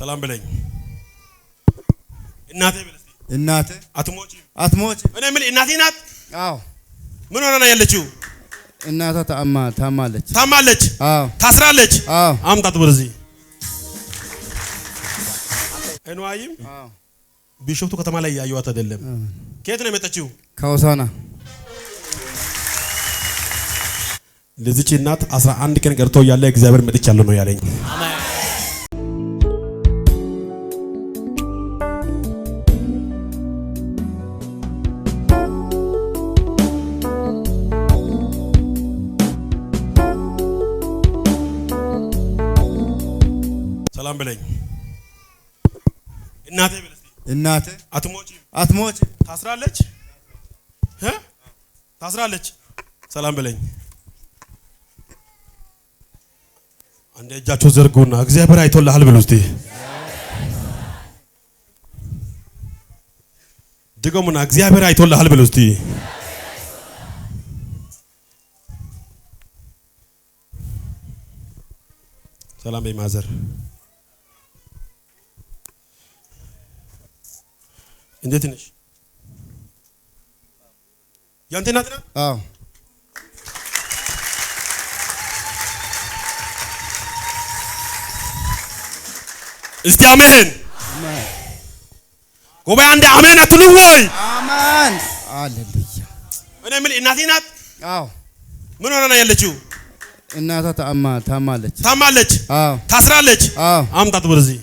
ሰላም በለኝ እናቴ በለስ እናቴ አትሞጪ አትሞጪ እኔ ምን እናቴ ናት። አዎ ምን ሆነ ነው ያለችው? እናቷ ታማ ታማለች ታማለች። አዎ ታስራለች። አዎ አምጣት ወደዚህ እንዋይም ቢሾፍቱ ከተማ ላይ ያዩዋት አይደለም። ከየት ነው የመጣችው? ከውሳና ለዚች እናት 11 ቀን ቀርቶ ያለ እግዚአብሔር መጥቻለሁ ነው ያለኝ። አሜን ሰላም በለኝ እናቴ በለኝ እናቴ አትሞች አትሞች ታስራለች እ ታስራለች ሰላም ብለኝ አንድ እጃችሁ ዘርጉና እግዚአብሔር አይቶልሃል ብሉ እስቲ ድገሙና እግዚአብሔር አይቶልሃል ብሉ እስቲ ሰላም በይ ማዘር እንዴት ነሽ? ያንተ ናት ናት? አዎ እስቲ አሜን ጉባኤ አንድ አሜን አትሉም ወይ? አሜን አሌሉያ። እኔ የምልህ እናቴ ናት። አዎ ምን ሆነና ያለችው እናቷ ታማለች፣ ታማለች፣ ታስራለች። አዎ አምጣት ወደዚህ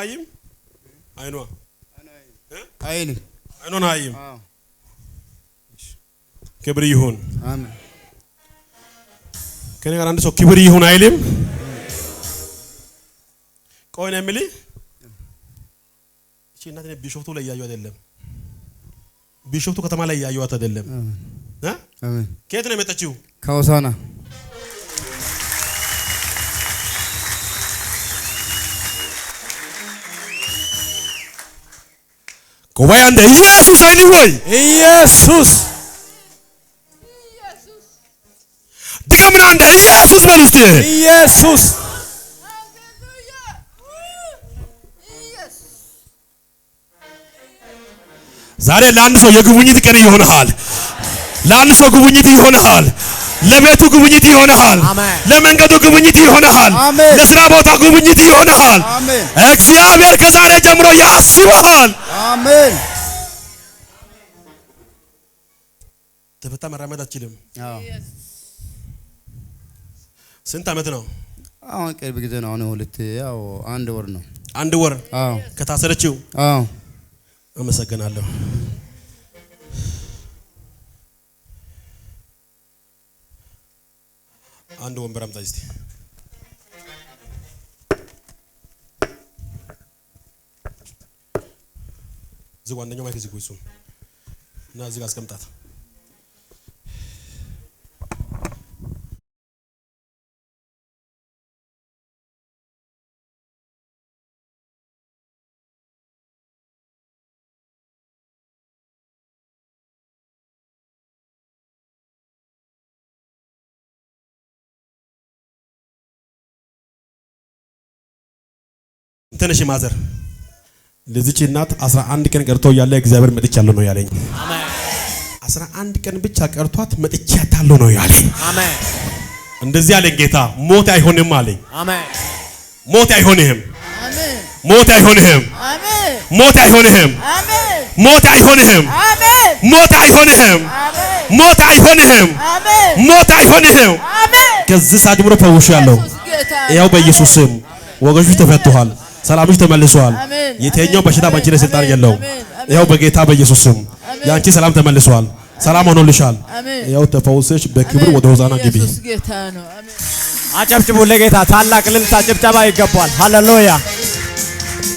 አይኗይም አይኗ አይልም አይኗን አይም። ክብር ይሁን አሜን። ከኔ ጋር አንድ ሰው ክብር ይሁን አይልም። ቆይ ነው የምልህ እቺ እናት ነው ቢሾፍቱ ላይ እያዩ አይደለም፣ ቢሾፍቱ ከተማ ላይ እያዩት አይደለም። ከየት ነው የመጣችው? ከሆሳና Kwa hiyo ndiye Yesu anyway. ኢየሱስ ደግምና እንደ ኢየሱስ በል እስቲ ኢየሱስ ዛሬ ለአንድ ሰው የጉብኝት ቀን ይሆንሃል። ለአንድ ሰው ጉብኝት ይሆንሃል። ለቤቱ ጉብኝት ይሆንሃል። ለመንገዱ ጉብኝት ይሆንሃል። ለስራ ቦታ ጉብኝት ይሆንሃል። እግዚአብሔር ከዛሬ ጀምሮ ያስባሃል። አሜን። ተፈታ መራመድ አትችልም። ስንት አመት ነው? አሁን ቅርብ ጊዜ ነው። አሁን ሁለት ያው አንድ ወር ነው። አንድ ወር ከታሰረችው አዎ። አመሰግናለሁ። አንድ ወንበር አምጣ እስቲ። እዚህ ዋንደኛው ማይክ እዚህ እሱ እና እዚህ ጋር አስቀምጣት። እንትንሽ ማዘር ለዚች እናት 11 ቀን ቀርቶ ያለ እግዚአብሔር መጥቻለሁ ነው ያለኝ። አሜን። 11 ቀን ብቻ ቀርቷት መጥቻታለሁ ነው ያለኝ። አሜን። እንደዚህ አለኝ ጌታ። ሞት አይሆንም አለኝ። አሜን። ሞት አይሆንም። አሜን። ሞት አይሆንም። አሜን። ሞት አይሆንም። አሜን። ሞት አይሆንም። አሜን። ሞት አይሆንም። አሜን። ሞት አይሆንም። አሜን። ሞት አይሆንም። አሜን። ከዚህ ሰዓት ጀምሮ ፈውሻለሁ። ያው በኢየሱስ ስም ወገሹ ተፈቷል። ሰላምሽ ተመልሷል። የትኛው በሽታ ባንቺ ላይ ስልጣን የለውም። በጌታ በኢየሱስ ስም ያንቺ ሰላም ተመልሷል። ሰላም ሆኖልሻል። ያው ተፈውሰሽ በክብር ወደ ሆዛና ግቢ። አጨብጭቡ ለጌታ ታላቅ ልልታ ጭብጨባ ይገባል። ሃሌሉያ